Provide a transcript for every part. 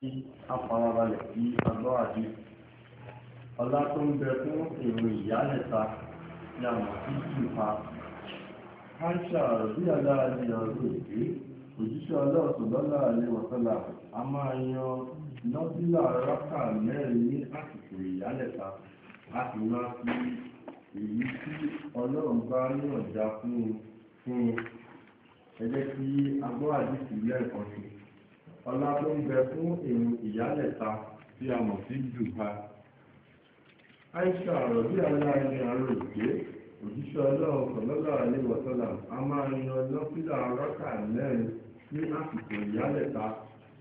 kí afarabalẹ̀ kí agbọ́ àdé ọlá tó ń bẹ fún èrò ìyálẹ̀ta ní àmọ̀ sí ìfà aisha rẹ̀bí aláàrí ọ̀rọ̀ èdè òjíṣẹ́ ọlọ́ọ̀tọ̀lọ́lá alẹ́ wọ̀tọ́lá a máa yan nọ́bílà rákà mẹ́rin ní àsìkò ìyálẹ̀ta a sì máa fi èyí tí ọlọ́run bá ní ọ̀dà fún un fún un ẹ jẹ́ kí agbọ́ àdé lẹ́ẹ̀kan sí i ọlá tó ń bẹ fún èrò ìyálẹ̀ta tí a mọ̀ sí jùpa aisha ọ̀rọ̀ bí aláàrin àárò ìgbé òjíṣẹ́ ọlọ́run kọ̀lọ́lọ́ àlè wọ̀tọ́là a máa ń yan lọ́pílà rákà mẹ́rin ní àsìkò ìyálẹ̀ta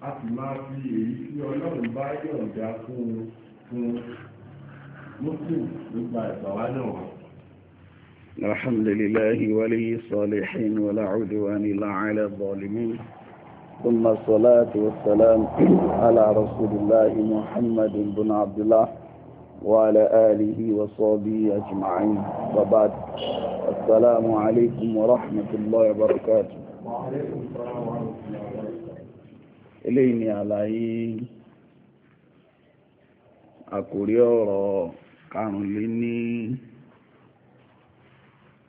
a sì máa fi èyí tí ọlọ́run bá yọ̀ǹda fún un fún muslim nígbà ìgbàwá náà wá. الحمد لله ولي الصالحين ولا عدوان إلا على الظالمين ثم الصلاة والسلام على رسول الله محمد بن عبد الله وعلى آله وصحبه أجمعين وبعد السلام عليكم ورحمة الله وبركاته وعليكم السلام ورحمة الله وبركاته إليني علي أقول يا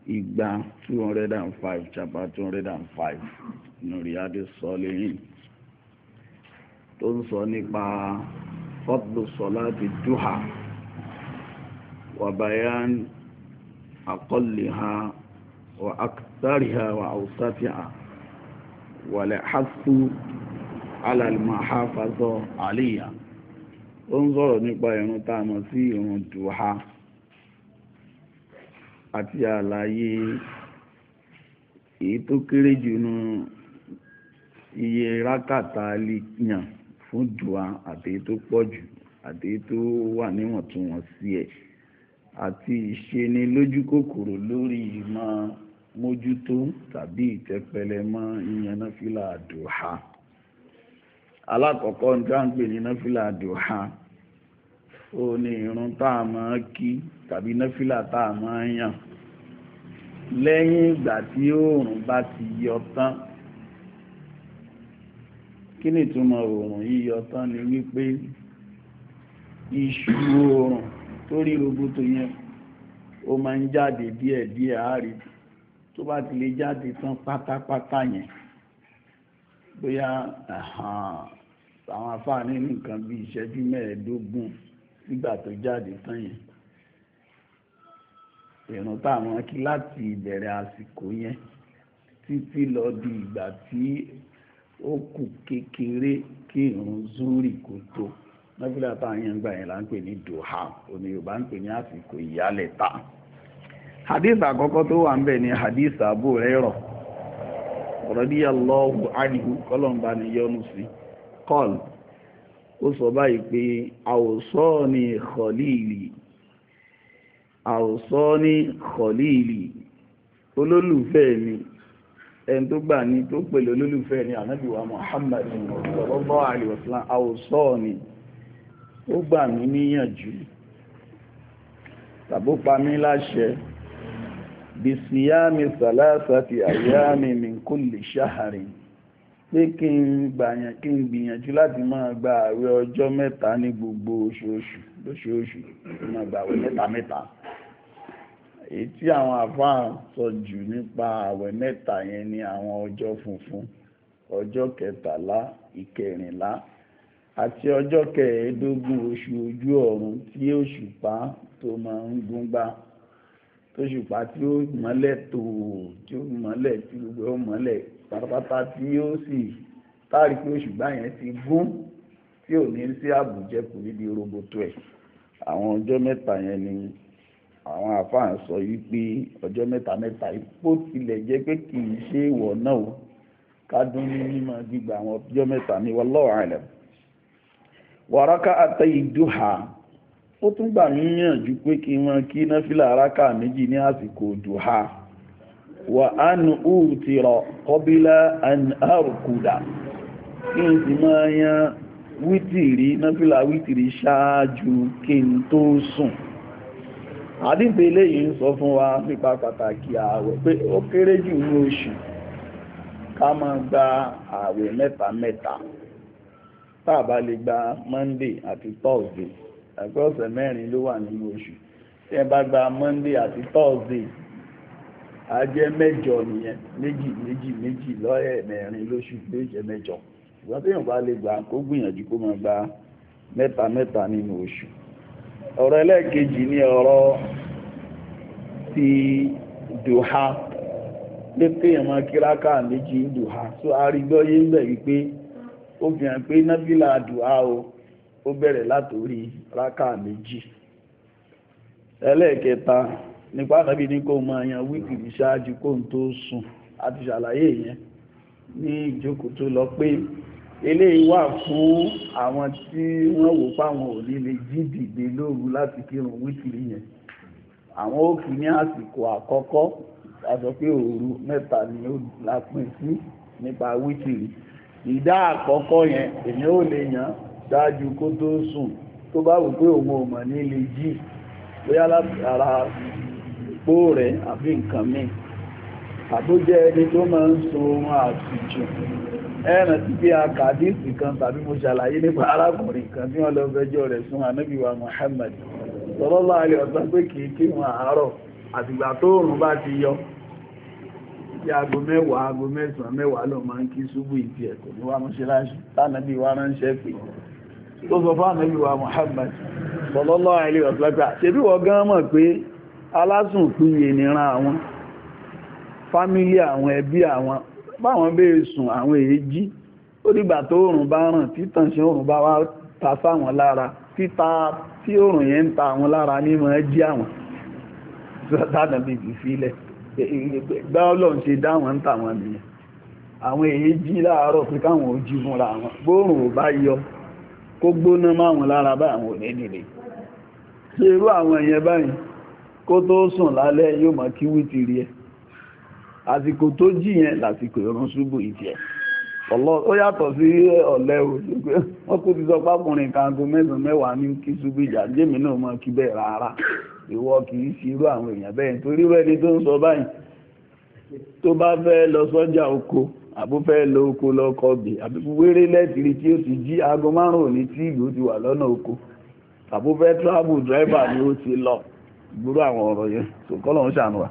igba 205 chapter 205 nínú Riyadu Solihin tó ń sọ nípa fọ́dù sọláti dúhà wà bayan aqalliha wà akthariha wà awsatiha wà lè hásù alàlmàháfàzọ́ àlìyà ó ń sọ̀rọ̀ nípa ìrun tá sí ìrun dúhà àti àlàyé èyí tó kéré jù nú iye rákàtà yàn fún dùá àti èyí tó pọ̀ jù àti èyí tó wà níwọ̀ntúnwọ̀nsí ẹ̀ àti ìṣeni lójú kòkòrò lórí ìmọ̀ mójútó tàbí ìtẹpẹlẹ mọ́ ìyẹn náfìlà dùhà alákọ̀ọ́kọ́ ń tá ń pè ní náfìlà dùhà ó ní irun tá a máa kí tàbí náfìlà tá a máa yàn lẹ́yìn ìgbà tí oòrùn bá ti yọ tán kí ni ìtumọ̀ oòrùn yíyọ tán ni wípé iṣu oòrùn tó rí roboto yẹn ó máa ń jáde díẹ̀díẹ̀ àárí tó bá ti lè jáde tán pátápátá yẹn bóyá àwọn afáàní nìkan bí ìṣẹ́jú mẹ́ẹ̀ẹ́dógún nígbà tó jáde tán yẹn ìrun táwọn kí láti ìbẹ̀rẹ̀ àsìkò yẹn títí lọ di ìgbà tí ó kù kékeré kí ìrun zúrì kò tó nọ́fílà táwọn yẹn yẹn là ń pè ní duha òní yorùbá ń pè ní àsìkò hadith àkọ́kọ́ tó wà ń bẹ̀ ni hadith Abu Hurairah radiyallahu anhu kọ́lọ̀mbà ni yọ́nu sí kọ́l ó sọ báyìí àwòsọ ní kọ̀líìlì olólùfẹ́ mi ẹni tó gbà ní tó pèlè olólùfẹ́ ni ànábì wa Muhammad sallallahu alaihi wasallam àwòsọ ni ó gbà mí níyànjú tàbó pa mí láṣẹ bisiyami salasati ayami min kulli shaharin pé kí n gbìyànjú láti máa gba àwẹ̀ ọjọ́ mẹ́ta ní gbogbo oṣooṣù lóṣooṣù máa gba mẹ́ta mẹ́ta èyí tí àwọn àfáà sọ jù nípa àwẹ̀ mẹ́ta yẹn ni àwọn ọjọ́ funfun ọjọ́ kẹtàlá ìkẹrìnlá àti ọjọ́ kẹẹ̀ẹ́dógún oṣù ojú ọ̀run tí òṣùpá tó máa ń gúngbà tóṣùpá tí ó mọ́lẹ̀ tó tí ó mọ́lẹ̀ tí gbogbo ó mọ́lẹ̀ pátápátá tí ó sì táàrí pé òṣùpá yẹn ti gún tí ò ní sí àbùjẹkù níbi roboto ẹ̀ àwọn ọjọ́ mẹ́ta yẹn ni àwọn àfáà ń sọ wípé ọjọ́ mẹ́ta mẹ́ta ipò tilẹ̀ jẹ́ pé kì í ṣe ìwọ̀ náà o kádùn ní mímọ́ gbígba àwọn ọjọ́ mẹ́ta ní wallahu alam wàrákà àtẹ̀yí dùhà ó tún gbà mí yànjú pé kí wọ́n kí náfìlà aráka méjì ní àsìkò dùhà wà á nu ùtìrọ̀ kọbílá àrùkùdà kí n sì máa yan wítìrí náfìlà wítìrí ṣáájú kí n tó sùn àdínkù eléyìí ń sọ fún wa nípa pàtàkì ààwẹ̀ pé ó kéré jù ní oṣù ká máa gba ààwẹ̀ mẹ́ta mẹ́ta tá a bá lè gba monday àti thursday ẹ̀kọ́ ọ̀sẹ̀ mẹ́rin ló wà nínú oṣù tí ẹ bá gba monday àti thursday a jẹ́ mẹ́jọ nìyẹn méjì méjì méjì lọ́yẹ̀ mẹ́rin lóṣù ló jẹ́ mẹ́jọ ṣùgbọ́n téèyàn bá lè gbà kó gbìyànjú kó máa gba mẹ́ta mẹ́ta nínú oṣù. ọ̀rọ̀ ẹlẹ́ẹ̀kejì ni ọ̀rọ̀ ti dùhá lékè yẹn máa kíráká méjì ń dùhá tó arígbọ́yé ń bẹ̀ wípé ó fi hàn pé nábìlà dùhá o ó bẹ̀rẹ̀ látòrí ráká méjì ẹlẹ́ẹ̀kẹta nípa àtàbí ní kó máa yan wíkìlì ṣáájú kó n tó sùn àti ṣàlàyé yẹn ní ìjókòó lọ pé eléyìí wà fún àwọn tí wọ́n wò páwọn ò lè jí dìde lóru láti kírun wítìrì yẹn àwọn ó kì ní àsìkò àkọ́kọ́ àjọ pé òru mẹ́ta ni ó lápin sí nípa wítìrì ìdá àkọ́kọ́ yẹn èmi ò lè yàn dájú kó tó sùn tó bá wù pé òun ò mọ̀ ní lè jí bóyá látara pó rẹ̀ àbí nǹkan míì àbújẹ ẹni tó máa ń so ohun àtìjù ẹ̀rìn tí bí a kàdíìsì kan tàbí mo ṣàlàyé nípa arákùnrin kan tí wọ́n lọ fẹjọ́ rẹ̀ sún ànábì wa Muhammad sallallahu alaihi wasallam pé kìí kí wọn àárọ̀ àtìgbà tó òrùn bá ti yọ tí aago mẹ́wàá aago mẹ́sàn-án mẹ́wàá ló máa ń kí ṣubú ìdí ẹ̀kọ́ ní wá mọ́ṣáláṣí tánàbí wa ránṣẹ́ pé tó sọ fún ànábì wa Muhammad sallallahu alaihi wasallam ṣebí wọ́n gan mọ̀ pé alásùn pín yìí níran àwọn fámílì àwọn ẹbí àwọn báwọn bẹ́ẹ̀ sùn àwọn èyí jí ó dìgbà tó òrùn bá ràn títàn sí òrùn bá wá ta sáwọn lára títa tí òrùn yẹn ń ta àwọn lára ní mọ̀ ẹ́ jí àwọn sọ́tàdàn bìbì sílẹ̀ gbá ọlọ́run ṣe dáwọn ń tàwọn nìyẹn àwọn èyí jí láàárọ̀ pé káwọn ò jí fúnra wọn bóòrùn ò bá yọ kó gbóná máwọn lára bá àwọn òní nìlẹ̀ ṣe irú àwọn èèyàn báyìí kó tó sùn lálẹ́ yóò mọ̀ kí wítìrí ẹ̀ àsìkò tó jí yẹn lásìkò ìrun ṣubú ìjẹ́ ó yàtọ̀ sí ọ̀lẹ́ o wọ́n kò ti sọ pápùnrin kango mẹ́sàn-án mẹ́wàá ní kí ṣubú ìjà jẹ́mi náà mọ́ kí bẹ́ẹ̀ rárá ìwọ kì í ṣe irú àwọn èèyàn bẹ́ẹ̀ torí rẹ́ni tó ń sọ báyìí tó bá fẹ́ lọ sọ́jà oko àbó fẹ́ lọ oko lọ́kọ̀ bè àbí lẹ́tìrí tí ó ti jí aago márùn-ún ní tí ìlú ti wà lọ́nà oko àbó travel driver ni ó ti lọ gbúrú àwọn ọ̀rọ̀ yẹn sòkọ́lọ́ ń ṣàánú wa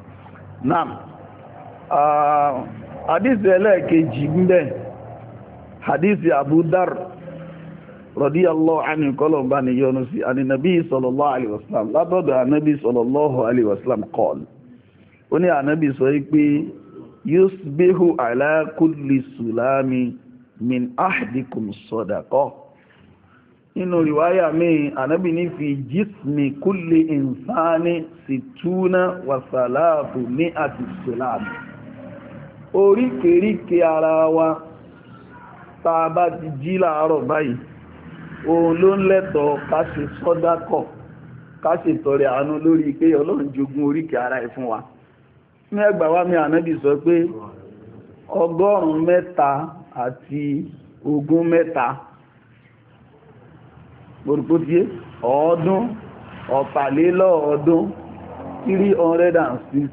náà hadisi ẹlẹ́ẹ̀kejì ń bẹ hadisi abudar radiyallahu anhu kọlọ̀mbá ni yọ́nú sí aninabi sallallahu alaihi wasallam látọ̀dọ̀ anabi sallallahu alaihi wasallam kọl ó ní anabi sọ pé yusbihu ala kulli sulami min ahdikum sadaqah nínú riwaya mi anabi ní fi jismi kulli insani situna wasalatu ní àti sulami oríkèríkè ara wa tá a bá ti jí láàárọ̀ báyìí òun ló ń lẹ́tọ̀ọ́ ká sọ́dákọ̀ ká tọrẹ àánú lórí pé ọlọ́run jogún oríkè ara ẹ̀ fún wa ní ẹgbà wá mi ànábì sọ pé ọgọ́rùn-ún mẹ́ta àti ogún mẹ́ta gbòrògbòdìé ọ̀ọ́dún ọ̀tàlélọ́ọ̀ọ́dún 360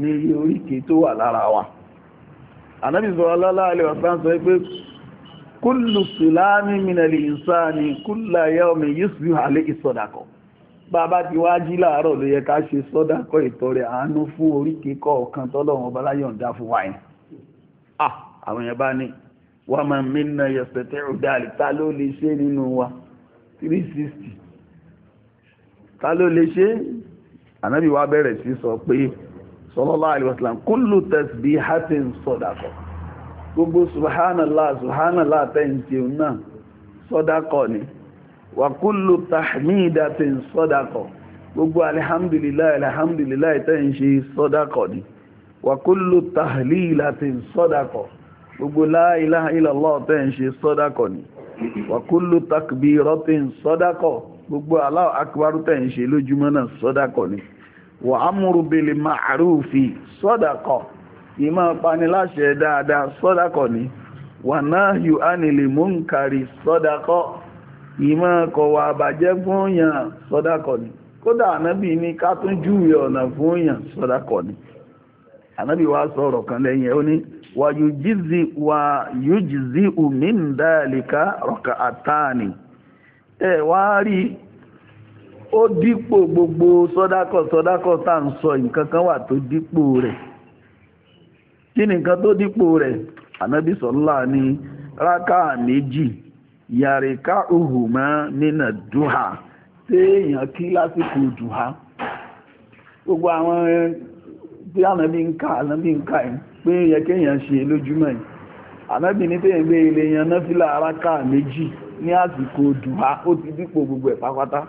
ní iye oríkè tó wà lára wa. anábì sallallahu alaihi wasallam sọ pé kullu sulami minal insani kulla yawmin yusbihu alayhi sadaqa bàbá ti wá jí láàárọ̀ ló yẹ ká ṣe sọ́dákọ̀ ìtọrẹ àánú fún oríkì kọ̀ọ̀kan tọ́lọ́run ọba láyọ̀ǹda fún wáyìn ah, àwọn yẹn bá ní wà máa 360 ta ló lè ṣe ànábì sallallahu alaihi wasallam kullu tasbihatin sadaqa gbogbo subhanallah subhanallah tẹ́ǹtì náà sadaqa ni wa kullu tahmidatin sadaqa gbogbo alhamdulillah alhamdulillah tẹ́ǹṣe sadaqa ni wa kullu tahlilatin sadaqa gbogbo la ilaha illallah tẹ́ǹṣe sadaqa ni wa kullu takbiratin sadaqa gbogbo Allahu akbar tẹ́ǹṣe lójúmọ́ náà sadaqa ni wà amúrú bèlè máa àrùfi sọ́dàkọ̀ ìmọ̀ paniláṣẹ dáadáa sọ́dàkọ̀ ni wà náà yù ánìlè mú ń kàrí sọ́dàkọ̀ ìmọ̀ kọ̀wà àbàjẹ́ fún yàn sọ́dàkọ̀ ni kódà ànábì ní ká júwe ọ̀nà fún yàn sọ́dàkọ̀ ni ànábì wa sọ̀rọ̀ kan lẹ́yìn ó ní wàyùjízi wà yùjízi ùmíǹdàlìkà rọ̀kà àtàní ẹ̀ wá rí ó dípò gbogbo sọ́dákọ̀ sọ́dákọ̀ tá à ń sọ nǹkan kan wà tó dípò rẹ̀ kí ni nǹkan tó dípò rẹ̀ ànábì sọ́lá ní rákà méjì yàríká òhùmọ́ nínà dùhà téèyàn kí lásìkò dùhà gbogbo àwọn tí ànábì ń kà ànábì ń kà pé yẹ kéèyàn ṣe lójúmọ́ yìí ànábì ní téèyàn gbé ilé náfìlà méjì ní àsìkò dùhà ó gbogbo ẹ̀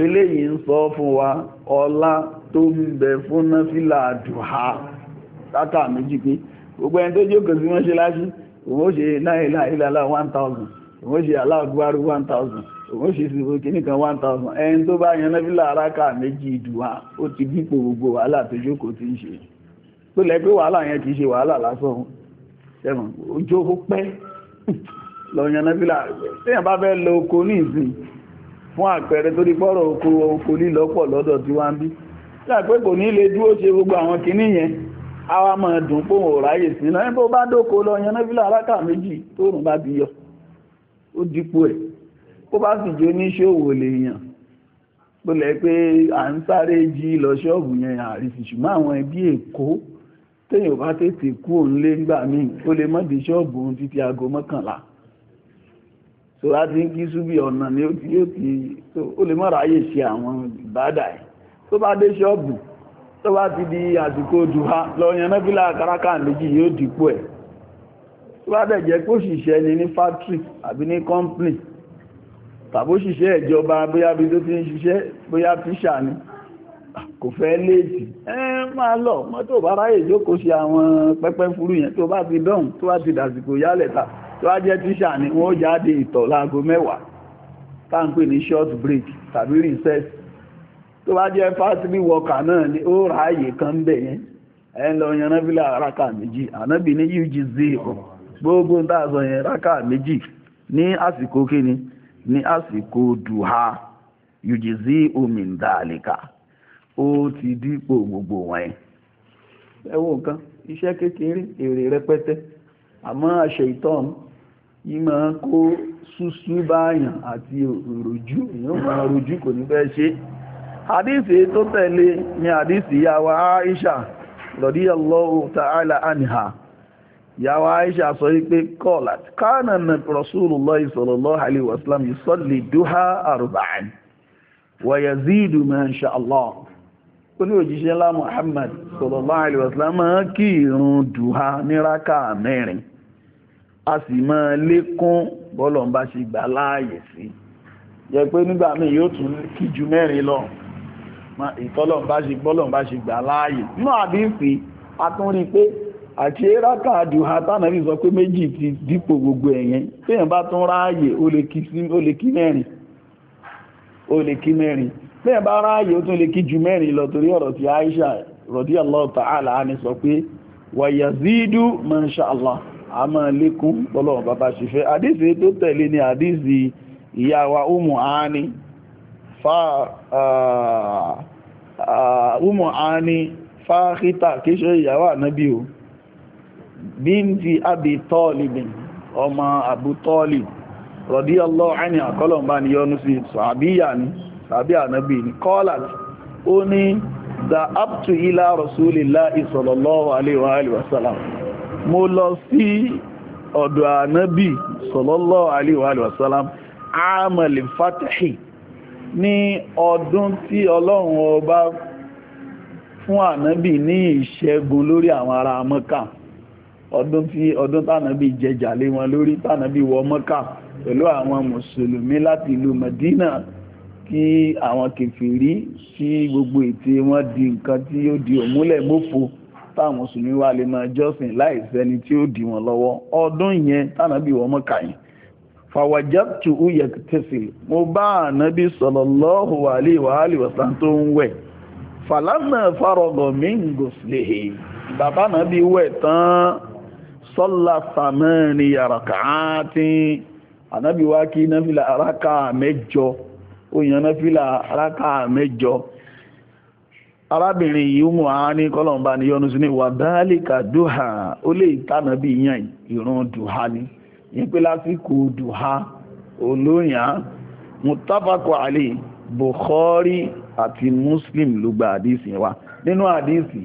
eléyìí ń sọ fún wa ọlá tó ń bẹ fún náfílà àdùhà látà méjì pé gbogbo ẹni tó jókòó sí wọ́n ṣe láṣí òun ó ṣe náírà ìlàlá 1000 òun ó ṣe aláàgbárú 1000 òun ó ṣe ìsìnkú kìíní kan 1000 ẹni tó bá yan náfílà aráka méjì ìdùhà ó ti dípò gbogbo wàhálà tó jókòó ti ń ṣe tó lẹ́ pé wàhálà yẹn kìí ṣe wàhálà lásán ṣẹ̀mọ̀ ojú ó pẹ́ lọ yan náfílà fún àpẹẹrẹ tó rí pọ́rọ̀ oko oko lílọ́pọ̀ lọ́dọ̀ tí wá ń bí láàpẹ́ kò ní lè dúró ṣe gbogbo àwọn kìíní yẹn àwa máa dùn pòun ò ráyè sí náà bó bá dóko lọ yan náfìlà alákà méjì tóòrùn bá bí yọ ó dípò ẹ̀ ó bá sì jẹ́ oníṣòwò lèèyàn bó lẹ́ pé à ń sáré jí lọ ṣọ́ọ̀bù yẹn àrísì ṣùgbọ́n àwọn ẹbí èkó téèyàn bá tètè kú òun lé ńgbà míì ó lè mọ́ di ṣọ́ọ̀bù òun títí aago mọ́kànlá so a ti ń kí súbì ọ̀nà ni ó ti yóò ti so ó lè mọ́ra ayé ṣe àwọn ìbádà ẹ̀ tó bá dé ṣọ́ọ̀bù tó bá ti di àsìkò dùhà lọ́yàn náfílà kárákà méjì yóò dìpọ̀ ẹ̀ tó bá dẹ̀ jẹ́ kó ṣiṣẹ́ ni ní fátírì àbí ní kọ́ńpìnì tàbó ṣiṣẹ́ ìjọba bóyá bí tó ti ń ṣiṣẹ́ bóyá tíṣà ni kò fẹ́ léètì ẹ máa lọ mọ́tò bá ráyè jókòó ṣe àwọn pẹ́pẹ́ fúrú yẹn tó bá ti dọ̀hùn tó bá ti dàsìkò yálẹ̀ ta tó á jẹ́ tíṣà ni wọ́n jáde ìtọ̀ láago mẹ́wàá táǹpé ní short break tàbí recess tó bá jẹ́ náà ni ó ráàyè kan bẹ̀ yẹn ẹ̀ ń lọ yan náfìlà méjì ànábì ní ugz gbogbo ń tàà yẹn méjì ní àsìkò kíni ní àsìkò duha ugz omi ń ti dípò gbogbo wọn ẹ wo nǹkan iṣẹ́ kékeré èrè rẹpẹtẹ àmọ́ àṣẹ ìmọ̀ kó súsú báyàn àti òròjú èyàn máa rojú kò ní fẹ́ ṣe hadisi tó tẹ̀lé ni hadisi yàwá Aisha radiyallahu ta'ala anha yàwá Aisha sọ wípé qalat kana Rasulullah sallallahu alaihi wasallam yusalli duha arba'an a sì máa lékún bọ́lọ̀ ń bá ṣe gbà láàyè sí yẹ pé nígbà míì yóò tún kí ju mẹ́rin lọ ìtọ́lọ̀ ń bá ṣe bọ́lọ̀ ń bá ṣe gbà láàyè nínú àdífì a tún rí i pé àti rákà àdùhà tánàbí sọ pé méjì ti dípò gbogbo ẹ̀yẹn téèyàn bá tún ráàyè ó lè kí mẹ́rin ó lè kí mẹ́rin téèyàn bá ráàyè ó tún lè kí ju mẹ́rin lọ torí ọ̀rọ̀ ti Aisha radiyallahu ta'ala ni sọ pé wa yazidu man sha Allah a máa lékún lọ́lọ́run bàbá ṣe fẹ́ àdísì tó tẹ̀lé ni àdísì ìyá wa umu ani fa umu ani fáhítà kìí ṣe ìyàwó ànábì o bíntì abi tọ́ọ̀lìbìn ọmọ abu tọ́ọ̀lìb rọ̀dí ọlọ́ọ̀ ẹni àkọlọ̀mbá ni yọ́nú sí sàbíyà ni sàbí ànábì ni kọ́lát ó ní da up to mo lọ sí ọ̀dọ̀ ànábì sallallahu alaihi wa sallam àmàlì fàtàhì ní ọdún tí ọlọ́run ọba fún ànábì ní ìṣẹ́gun lórí àwọn ará mọ́kà ọdún tí ọdún tànábì jẹjà lé wọn lórí tànábì wọ mọ́kà pẹ̀lú àwọn mùsùlùmí láti ìlú Madina kí àwọn kèfèrí sí gbogbo ète wọn di nǹkan tí ó di òmúlẹ̀ mọ́fọ́ táwọn mùsùlùmí wa lè máa jọ́sìn láì sẹ́ni tí ó dì wọ́n lọ́wọ́ ọdún yẹn tánàbí wọ́n mọ̀ọ́kà yìí fàwàjáàtù yẹ̀tẹ̀sìl mo bá ànábì sallallahu alaihi wa alihi wasallam tó ń wẹ̀ fàlámà fárọgọ̀ míngòsìlè bàbá ànábì wẹ̀ tán sọ́lá sàmẹ́ni raka'ati ànábì wá kí náfìlà rákà mẹ́jọ arábìnrin yìí mú àárín kọlọ̀mbá ni yọnu sí ní wà dáálìkà dùhà ó lè tànà bí yàn ìran dùhà ni yín pé lásìkò dùhà olóyàn mutafakọ àlè bukhari àti muslim ló gba àdìsí wa nínú àdìsí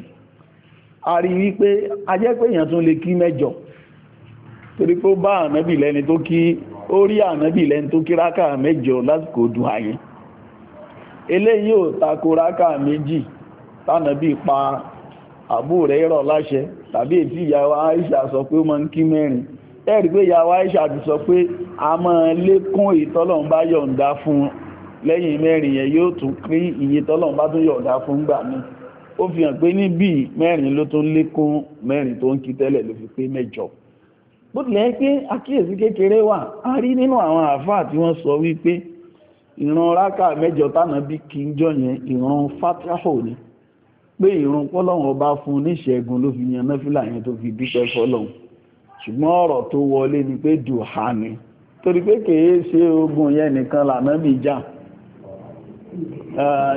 a rí wípé ajẹ́ pé èèyàn tún lè kí mẹ́jọ torí pé ó bá ànábì lẹ́ni tó kí ó rí ànábì lẹ́ni tó kí rákà mẹ́jọ lásìkò dùhà yẹn eléyìí ò tako rákà méjì tánàbí pa àbú rẹ̀ rọ̀ láṣẹ tàbí ètí ìyàwó Aisha sọ pé ó máa ń kí mẹ́rin ẹ̀rí pé ìyàwó Aisha ti sọ pé a máa lékún ìtọ́lọ̀n bá yọ̀ǹda fún lẹ́yìn mẹ́rin yẹn yóò tún kí iye tọ́lọ̀n bá tún yọ̀ǹda fún gbà ní ó fi hàn pé níbi mẹ́rin ló tún lékún mẹ́rin tó ń kí tẹ́lẹ̀ ló fi pé mẹ́jọ bó tilẹ̀ pé àkíyèsí kékeré wà a rí nínú àwọn àáfàá tí wọ́n sọ wípé ìran rákà mẹ́jọ tánàbí kí ń jọ yẹn ìran fátáhò ni pé ìrun pọ́lọ́run ọba fún níṣẹ́gun ló fi yan náfìlà yẹn tó fi dúpẹ́ fọ́lọ́run ṣùgbọ́n ọ̀rọ̀ tó wọlé ni pé dùhà ni torí pé kèé ṣe ogun yẹn nìkan lànàbì jà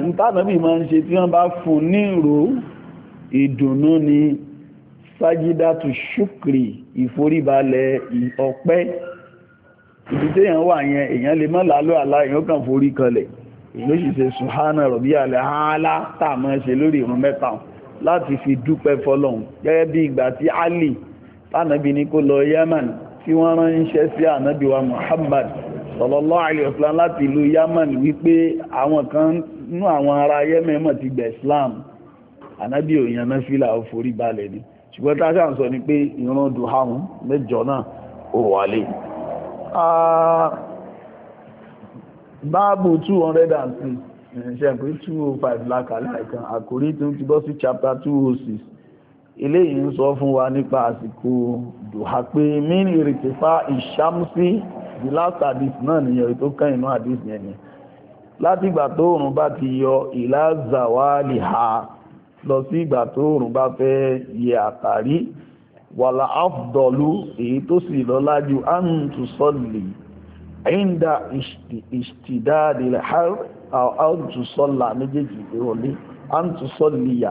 nítànàbì máa ń ṣe tí wọ́n bá fún ní ìró ìdùnnú ni sájídátù ṣúkìrì ìforíbalẹ̀ ọpẹ́ ìdí téèyàn wà yẹn èèyàn lè má lálọ́ àlá èèyàn kàn forí kanlẹ̀ èyí ó sì ṣe subhana rọ̀bí àlẹ́ àálá tá a máa ṣe lórí ìrun mẹ́ta láti fi dúpẹ́ fọlọ́hun gẹ́gẹ́ bí ìgbà tí Ali tánàbí ní kó lọ Yemen tí wọ́n ránṣẹ́ sí ànábì Muhammad sallallahu alaihi wasallam láti ìlú Yemen wípé àwọn kan nú àwọn ará Yemen mọ̀ ti gbẹ̀ Islam ànábì òyìn anáfílà ó forí balẹ̀ ni ṣùgbọ́n tá a ṣàn sọ ni pé ìrun duhamu mẹ́jọ náà ò wálé báàbù 203 ṣe pé 205 lákàlẹ̀ àìkan àkórí tí ó ti bọ́ sí chapter 206 eléyìí ń sọ fún wa nípa àsìkò dùhà pé mínì ìrètí fa ìṣámsí the last hadith náà nìyẹn tó kàn inú hadith yẹn ni láti ìgbà tó òrùn bá ti yọ ìlà zawali ha lọ sí ìgbà tó òrùn bá fẹ́ yẹ àtàrí wàlà afdọ̀lú èyí tó sì lọ́lá ju antusọ́lì عند اشتداد الحر أو أن تصلى méjèèjì ìrọ̀lẹ́ أن تصلي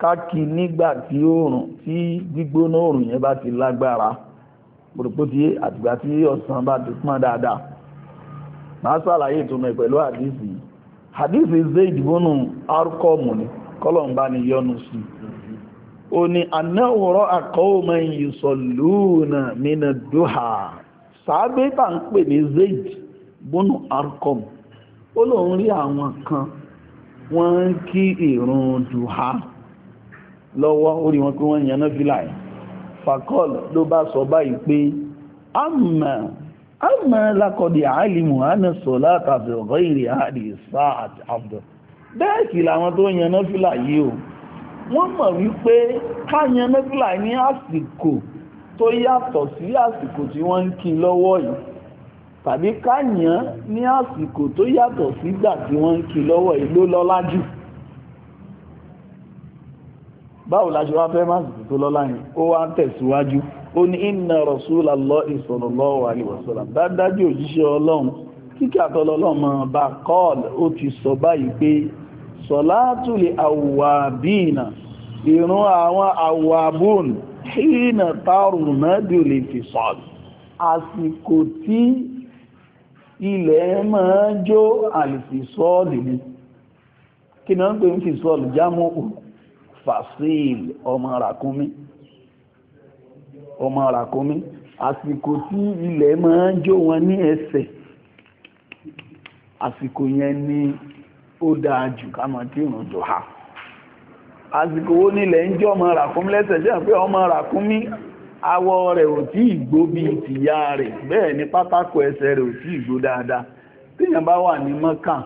káàkiri nígbà oorun oòrùn tí gbígbóná yẹn bá ti lágbára pòròpótí àtìgbà tí ọ̀sán bá ti pọ́n dáadáa máa ṣàlàyé ìtumọ̀ pẹ̀lú àdísì àdísì Zayd bónú arkọ́mù ni kọ́lọ̀mbá ni yọnu sàábé tà ń pè ní zayd bónú arkom ó lóun rí àwọn kan wọ́n ń kí ìrun duha lọ́wọ́ ó rí wọn pé wọ́n yànnà fìlà ẹ̀ fakọ́l ló bá sọ báyìí pé àmà àmà lákọ̀dì àálìmù àánà sọ látàfẹ́ ọ̀gọ́ ìrì àárí sáà àti àbdọ̀ bẹ́ẹ̀ sì làwọn tó yànnà fìlà yìí o wọ́n mọ̀ wípé ká yànnà fìlà ní àsìkò tó yàtọ̀ sí àsìkò tí wọ́n ń kí lọ́wọ́ yìí tàbí káyàn ní àsìkò tó yàtọ̀ sígbà tí wọ́n ń kí lọ́wọ́ yìí ló lọ́lá jù báwo la ṣe wá fẹ́ máa sì tó lọ́lá yìí ó wá tẹ̀síwájú ó ní inna rasulallahi sallallahu alaihi wasallam dájúdájú òjíṣẹ́ ọlọ́run kíkẹ́ àtọlọ́lọ́run máa bá kọ́ọ̀lù ó ti sọ báyìí pé sọ̀látùlẹ̀ àwàbíìnà ìrun àwọn àwàbùn hìnà tààrùn náà bí ò lè fi sọ́ọ̀lù àsìkò tí ilẹ̀ máa jó àlìfisọ́ọ̀lù ni kí náà ń pè ń fi sọ́ọ̀lù jámọ́ fàṣíl ọmọ ràkúnmí àsìkò tí ilẹ̀ máa jó wọn ní ẹsẹ̀ àsìkò yẹn ni ó dáa jù ká àsìkò wo nílẹ̀ ń jọ́ ọmọ ràkúnmí lẹ́sẹ̀ jẹ́ pé ọmọ ràkúnmí awọ rẹ̀ ò tí ìgbó bí ìtìyà rẹ̀ bẹ́ẹ̀ ni pátákó ẹsẹ̀ rẹ̀ ò tí ìgbó dáadáa tíyàn bá wà ní mọ́kà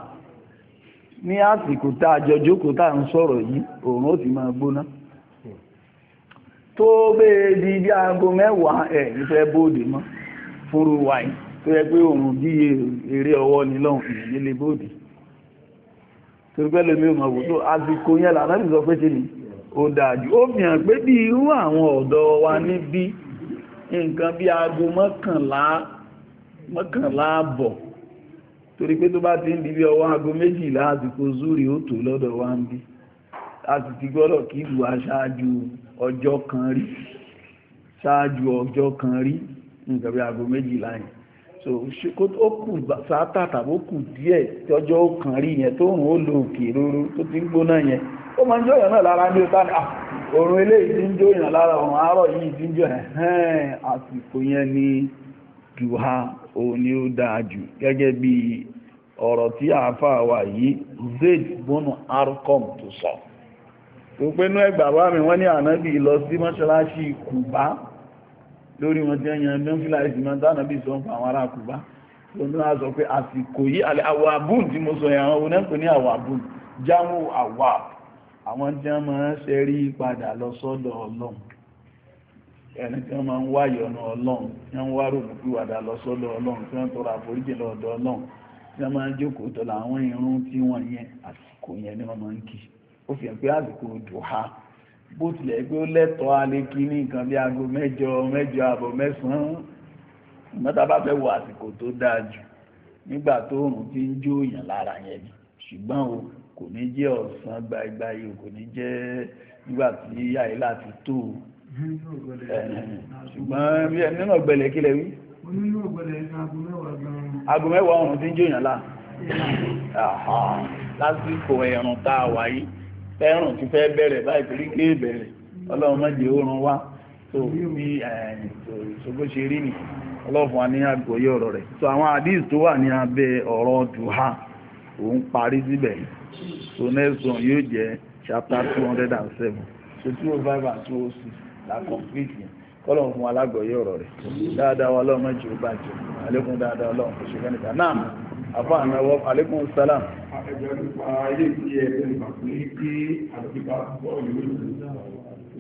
ní àsìkò tá a jọ jókòó tá ń sọ̀rọ̀ yìí òun ó ti máa gbóná tó bẹ́ẹ̀ di bí aago mẹ́wàá ẹ̀ bóde mọ́ fúnru wáyé tó yẹ pé torípẹ́lẹ̀ mi ò mọ̀ wùtó àsìkò yẹn lànàbì sọ pé kíni ó dájú ó fi hàn pé bí irú àwọn ọ̀dọ́ wa níbí nǹkan bí aago mọ́kànlá mọ́kànlá àbọ̀ torí pé tó bá ti ń di bí ọwọ́ aago méjìlá àsìkò zúrì ó tó lọ́dọ̀ wa ń bí a sì ti gbọ́dọ̀ kí aṣáájú ọjọ́ kan rí nǹkan bí aago méjìlá yìí so ṣekó ó kù sáátà tàbó kù díẹ̀ tọ́jọ́ ó kàn rí yẹn tó rùn ó lo òkè róró tó ti ń gbóná yẹn ó máa ń jọ́yàn náà lára ní ọ̀tá ní ah, òrùn eléyìí tí ń jọ́yàn lára ọ̀rùn àárọ̀ yìí tí ń jọ́yàn ẹ̀hẹ́n àsìkò yẹn ni dùhà ó ní ó dáa jù gẹ́gẹ́ bí ọ̀rọ̀ tí àáfàá wa yìí zayd bọ́nù arcom tó sọ tó pé nú ẹgbàá wa mi wọ́n ní ànábì lọ sí mọ́ṣáláṣí kùbá lórí wọn jẹ́ yan nọ́fílà ìsìnmọ́ dáná bí sọ́n fún àwọn ará kùbá tó ní wọ́n sọ pé àsìkò yìí àwọ̀ àbùn tí mo sọ ẹ̀hàn òun náà pè ní àwọ̀ àbùn jáwọ́ àwà àwọn tí wọ́n máa ń ṣe rí padà lọ sọ́dọ̀ ọlọ́run ẹni tí wọ́n máa ń jókòó tọ́lá àwọn irun tí wọ́n yẹn àsìkò yẹn ni wọ́n máa ń kì ó fi hàn pé àsìkò dùn ha bó tilẹ̀ pé ó lẹ́tọ̀ọ́ alékí ní nǹkan bí aago mẹ́jọ mẹ́jọ àbọ̀ mẹ́sàn-án mọ́ta bá fẹ́ wo àsìkò tó dáa jù nígbà tó òrùn ti ń jó èèyàn lára yẹn ni ṣùgbọ́n o kò ní jẹ́ ọ̀sán gbaigbai o kò ní jẹ́ nígbà tí ayé láti tó o ṣùgbọ́n nínú ọ̀gbẹ̀lẹ̀ kílẹ̀ wí. aago mẹ́wàá òrùn ti ń jó èèyàn lára lásìkò ẹ̀rùn tá a wáyé fẹ́rùn ti fẹ́ bẹ̀rẹ̀ báyìí torí ké bẹ̀rẹ̀ ọlọ́run má jẹ́ oorun wá tó bí ṣogbo eh, ṣe rí nì ọlọ́fun wa ní àgbọ́yé ọ̀rọ̀ rẹ̀ so àwọn àdíìs tó wà ní abẹ́ ọ̀rọ̀ duha òun parí síbẹ̀ so next one yóò jẹ́ chapter two hundred and seven so two oh five and two oh six la complete yẹn kọ́lọ̀ fún alágbọ̀yé ọ̀rọ̀ rẹ̀ dáadáa ọlọ́run má jẹ́ ó bàjẹ́ àlékún dáadáa àbá àmẹ́wọ́ alaikum salam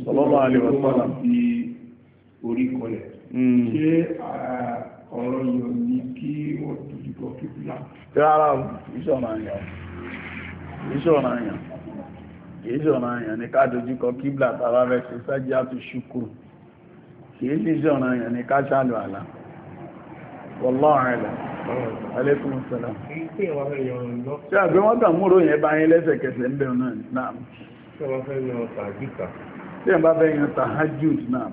sọlọ́mọ àlèwọ̀sọ́lá ti orí kọlẹ̀ hmm. ṣe ọ̀rọ̀ yọ ní kí wọ́n dojúkọ kíkúlá rárá ìṣọ̀nà àyàn ìṣọ̀nà àyàn kìí ṣọ̀nà àyàn ní ká dojúkọ kíbla tàbá fẹ́ ṣe sájá tó ṣùkúrù kìí ṣọ̀nà àyàn ní ká ṣàlù àlá wallahu a'lam Alaikum salam. Ṣé àgbé wọ́n kà múrò yẹn bá yẹn lẹ́sẹ̀kẹsẹ̀ ń náà náà. Ṣé wọ́n fẹ́ yan tàjíkà? Ṣé ìyàn bá fẹ́ yan tàhájúd náà?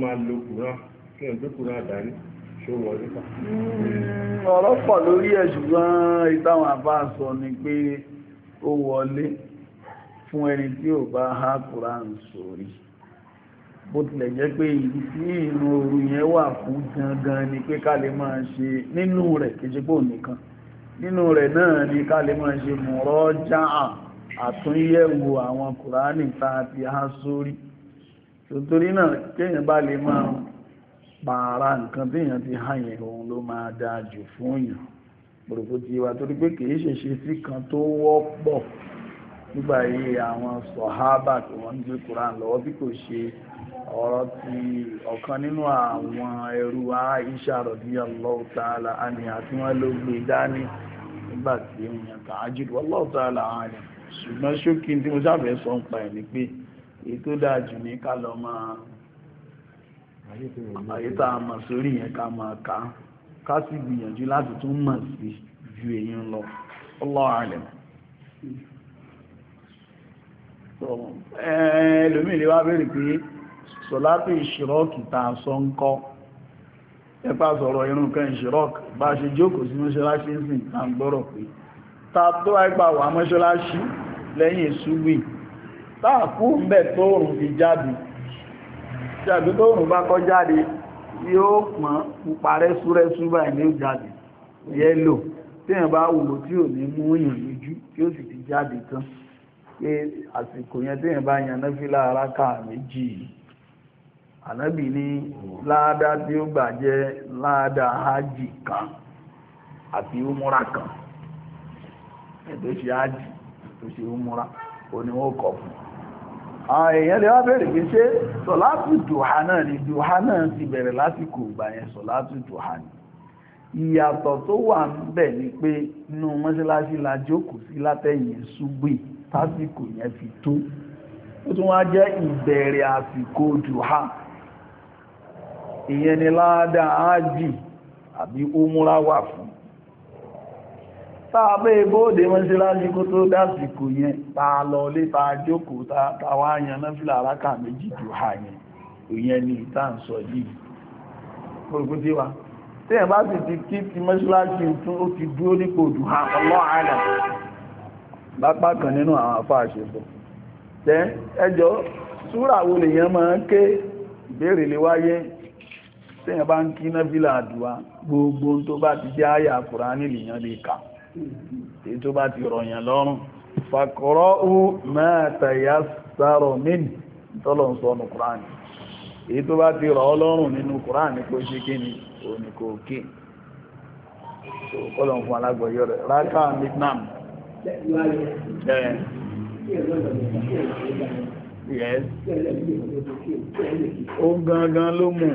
máa lo kùrá, kí ìrún tó kùrán àdáni, ṣó wọlé ká. Hmm, ọ̀rọ̀ pọ̀ lórí ìtàwọn bó tilẹ̀ jẹ́ pé ìdí tí ìrìn òru yẹn wà fún gangan ni pé ká lè máa ṣe nínú rẹ̀ kejìgbò nìkan nínú rẹ̀ náà ni ká lè máa ṣe mọ̀rọ̀ jáà àtúnyẹ̀wò àwọn kùránì tá a ti há sórí tòtòrí náà kéèyàn bá lè máa pààrà nǹkan téèyàn ti há yẹn òun ló máa dáa jù fún yàn gbòròkó ti wà torí pé kì í ṣèṣe sí kan tó wọ́pọ̀ nígbà yìí àwọn sọ̀hábà tí wọ́n ń gbé kùránì lọ́wọ́ bí kò ṣe ọ̀rọ̀ ti ọ̀kan nínú àwọn ẹrú Aisha radiyallahu ta'ala anha tí wọ́n ló gbé dání nígbà tí èèyàn tààjìdù wallahu ta'ala anha ṣùgbọ́n ṣókí tí mo sáfẹ́ sọ ń pa ẹ̀ ni pé èyí tó ní ká lọ máa àyè tá a sórí yẹn ká máa kà á ká sì gbìyànjú láti tún mọ̀ sí ju èyí ń lọ wallahu a'lam ẹlòmíì lè wá bẹ̀rẹ̀ pé sọ̀látò ìṣirọ́ọ̀kì ta sọ ń kọ́ ẹpá sọ̀rọ̀ irun kan ìṣirọ́ọ̀kì bá ṣe jókòó sí mọ́ṣáláṣí ń sìn ta ń gbọ́rọ̀ pé ta tó àìpà wà mọ́ṣáláṣí lẹ́yìn ìṣúgbì táà kú ń bẹ̀ tóòrùn fi jáde ṣàbí tóòrùn bá kọ́ jáde yóò pọ̀n pupa rẹ́súrẹ́sú báyìí ní ó jáde yẹ́lò tí èèyàn bá wùlò tí ò ní mú yàn lójú tí ànábì ní láàdá tí ó gbà jẹ́ láàdá hajj kan àti umura kan ètò ṣe hajj tó ṣe umura oníwọ́kọ̀ fún àwọn èèyàn lè wá bẹ̀rẹ̀ pé ṣé sọ̀látù dùhà náà ni dùhà náà ti bẹ̀rẹ̀ lásìkò ìgbà yẹn sọ̀látù dùhà ni ìyàtọ̀ tó wà ń bẹ̀ ni pé inú mọ́ṣáláṣí la jókòó sí látẹ̀yìn ṣúgbì tásìkò yẹn fi tó ó tún wá jẹ́ ìbẹ̀rẹ̀ àsìkò dùhà ìyẹn ni láàdá ájì àbí umura wà fún tàbẹ́ ìbóòdè mọ́ṣáláṣí kó tó dásìkò yẹn ta lọ lé ta jókòó ta wá yan náfìlà aráka méjì tó hà yẹn ìyẹn ni ìta ń sọ yìí pòròkútí wa tí ẹ̀ bá sì ti kí ti mọ́ṣáláṣí tún ó ti dúró nípò dùhà ọlọ́àdà lápá kan nínú àwọn afáàṣẹ́bọ̀ tẹ́ ẹjọ́ súrà wo lèèyàn máa ń ké ìbéèrè lè wáyé tẹ́yàn bá ń kí náfílà àdúwà gbogbo tó bá ti jẹ́ àyà Kùránì lèyàn lè kà èyí tó bá ti rọ̀yàn lọ́rùn fàkọ̀rọ̀ ó mẹ́ta ìyá sárọ̀ mínì tọ́lọ̀ ń sọ́nù Kùránì èyí tó bá ti rọ̀ ọ́ lọ́rùn nínú Kùránì kó ṣe kí ni òní Yes. Ó gangan ló mú.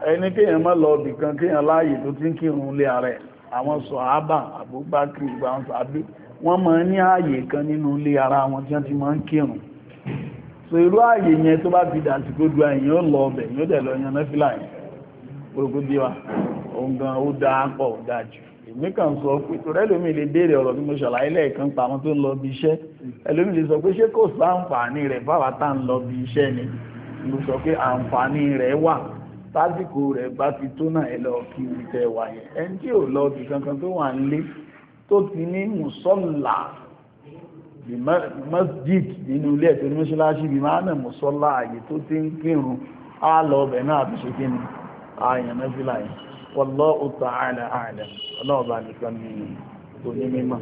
ẹni kéèyàn má lọ kan kéèyàn láàyè tó ti ń kírun lé ààrẹ àwọn sọ sọ̀hábà àbúgbákì ìgbà wọn sàbí wọ́n ní ààyè kan nínú lé ara wọn tí wọ́n ti máa ń kírun so irú ààyè yẹn tó bá fi kó du lọ ọbẹ̀ yóò dẹ̀ lọ yan yẹn wa òun gan ó pọ̀ ó jù èmi kan sọ pé torí ẹlòmíì lè béèrè ọ̀rọ̀ bí mo ṣàlàyé lẹ́ẹ̀kan pa àwọn tó ń lọ bí iṣẹ́ ẹlòmíì lè sọ pé tásìkò rẹ̀ bá ti tó náà ẹ lọ kí ibi tẹ wà yẹn ẹni tí ò lọ ti kankan tó wà nílé tó ti ní mùsọ́là masjid nínú ilé ẹ̀tọ́ mọ́ṣáláṣí bí máa nà mùsọ́lá àyè tó ti ń kírun á lọ ọbẹ̀ náà fi ṣe kíni ààyàn mẹ́fìlà yìí wallahu ta'ala a'lam ọlọ́ọ̀bà nìkan ní onímọ̀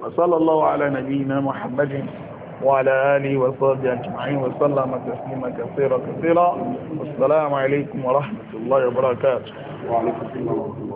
wa ala nabiyyina Muhammadin وعلى آله وصحبه أجمعين وسلم تسليما كثيرا كثيرا والسلام عليكم ورحمة الله وبركاته وعليكم السلام ورحمة الله